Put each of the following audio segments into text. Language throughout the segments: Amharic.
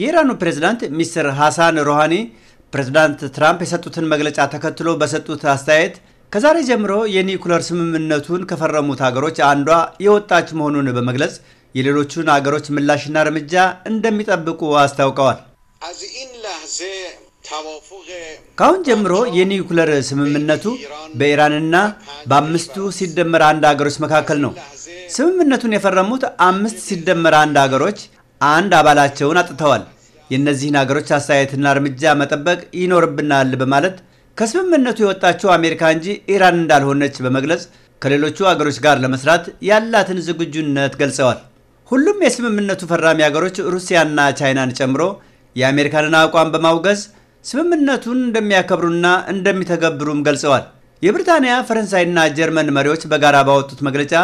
የኢራኑ ፕሬዝዳንት ሚስተር ሐሳን ሮሃኒ ፕሬዝዳንት ትራምፕ የሰጡትን መግለጫ ተከትሎ በሰጡት አስተያየት ከዛሬ ጀምሮ የኒኩለር ስምምነቱን ከፈረሙት ሀገሮች አንዷ የወጣች መሆኑን በመግለጽ የሌሎቹን አገሮች ምላሽና እርምጃ እንደሚጠብቁ አስታውቀዋል። ካሁን ጀምሮ የኒኩለር ስምምነቱ በኢራንና በአምስቱ ሲደመር አንድ አገሮች መካከል ነው። ስምምነቱን የፈረሙት አምስት ሲደመር አንድ ሀገሮች አንድ አባላቸውን አጥተዋል። የእነዚህን አገሮች አስተያየትና እርምጃ መጠበቅ ይኖርብናል በማለት ከስምምነቱ የወጣችው አሜሪካ እንጂ ኢራን እንዳልሆነች በመግለጽ ከሌሎቹ አገሮች ጋር ለመስራት ያላትን ዝግጁነት ገልጸዋል። ሁሉም የስምምነቱ ፈራሚ አገሮች ሩሲያና ቻይናን ጨምሮ የአሜሪካንን አቋም በማውገዝ ስምምነቱን እንደሚያከብሩና እንደሚተገብሩም ገልጸዋል። የብሪታንያ ፈረንሳይና ጀርመን መሪዎች በጋራ ባወጡት መግለጫ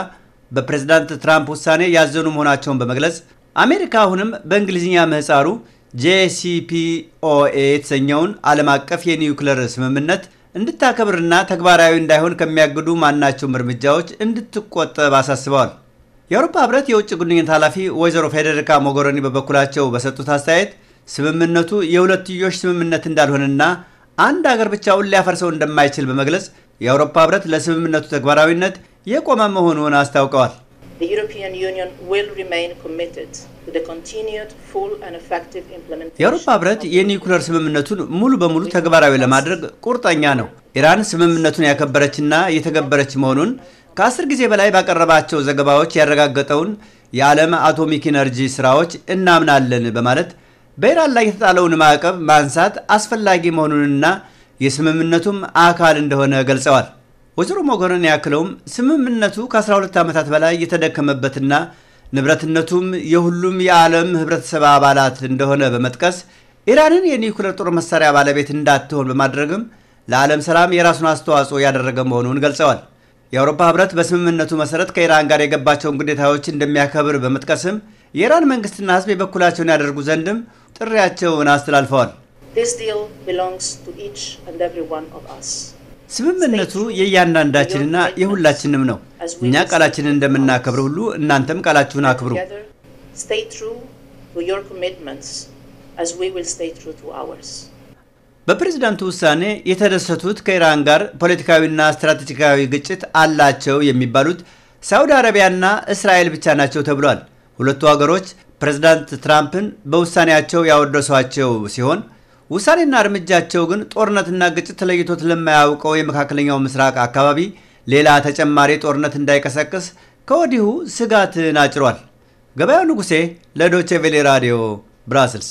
በፕሬዝዳንት ትራምፕ ውሳኔ ያዘኑ መሆናቸውን በመግለጽ አሜሪካ አሁንም በእንግሊዝኛ ምህፃሩ ጄሲፒኦኤ የተሰኘውን ዓለም አቀፍ የኒውክለር ስምምነት እንድታከብርና ተግባራዊ እንዳይሆን ከሚያግዱ ማናቸውም እርምጃዎች እንድትቆጠብ አሳስበዋል። የአውሮፓ ህብረት የውጭ ግንኙነት ኃላፊ ወይዘሮ ፌዴሪካ ሞጎረኒ በበኩላቸው በሰጡት አስተያየት ስምምነቱ የሁለትዮሽ ስምምነት እንዳልሆነና አንድ አገር ብቻውን ሊያፈርሰው እንደማይችል በመግለጽ የአውሮፓ ህብረት ለስምምነቱ ተግባራዊነት የቆመ መሆኑን አስታውቀዋል። የአውሮፓ ህብረት የኒውክሌር ስምምነቱን ሙሉ በሙሉ ተግባራዊ ለማድረግ ቁርጠኛ ነው። ኢራን ስምምነቱን ያከበረችና የተገበረች መሆኑን ከአስር ጊዜ በላይ ባቀረባቸው ዘገባዎች ያረጋገጠውን የዓለም አቶሚክ ኢነርጂ ስራዎች እናምናለን በማለት በኢራን ላይ የተጣለውን ማዕቀብ ማንሳት አስፈላጊ መሆኑንና የስምምነቱም አካል እንደሆነ ገልጸዋል። ወይዘሮ ሞገርን ያክለውም ስምምነቱ ከ12 ዓመታት በላይ የተደከመበትና ንብረትነቱም የሁሉም የዓለም ህብረተሰብ አባላት እንደሆነ በመጥቀስ ኢራንን የኒውክለር ጦር መሳሪያ ባለቤት እንዳትሆን በማድረግም ለዓለም ሰላም የራሱን አስተዋጽኦ ያደረገ መሆኑን ገልጸዋል። የአውሮፓ ህብረት በስምምነቱ መሰረት ከኢራን ጋር የገባቸውን ግዴታዎች እንደሚያከብር በመጥቀስም የኢራን መንግስትና ህዝብ የበኩላቸውን ያደርጉ ዘንድም ጥሪያቸውን አስተላልፈዋል። ስምምነቱ የእያንዳንዳችንና የሁላችንም ነው። እኛ ቃላችንን እንደምናከብር ሁሉ እናንተም ቃላችሁን አክብሩ። በፕሬዝዳንቱ ውሳኔ የተደሰቱት ከኢራን ጋር ፖለቲካዊና ስትራቴጂካዊ ግጭት አላቸው የሚባሉት ሳውዲ አረቢያና እስራኤል ብቻ ናቸው ተብሏል። ሁለቱ ሀገሮች ፕሬዝዳንት ትራምፕን በውሳኔያቸው ያወደሷቸው ሲሆን ውሳኔና እርምጃቸው ግን ጦርነትና ግጭት ተለይቶት ለማያውቀው የመካከለኛው ምስራቅ አካባቢ ሌላ ተጨማሪ ጦርነት እንዳይቀሰቅስ ከወዲሁ ስጋትን አጭሯል። ገበያው ንጉሴ ለዶቼ ቬሌ ራዲዮ ብራስልስ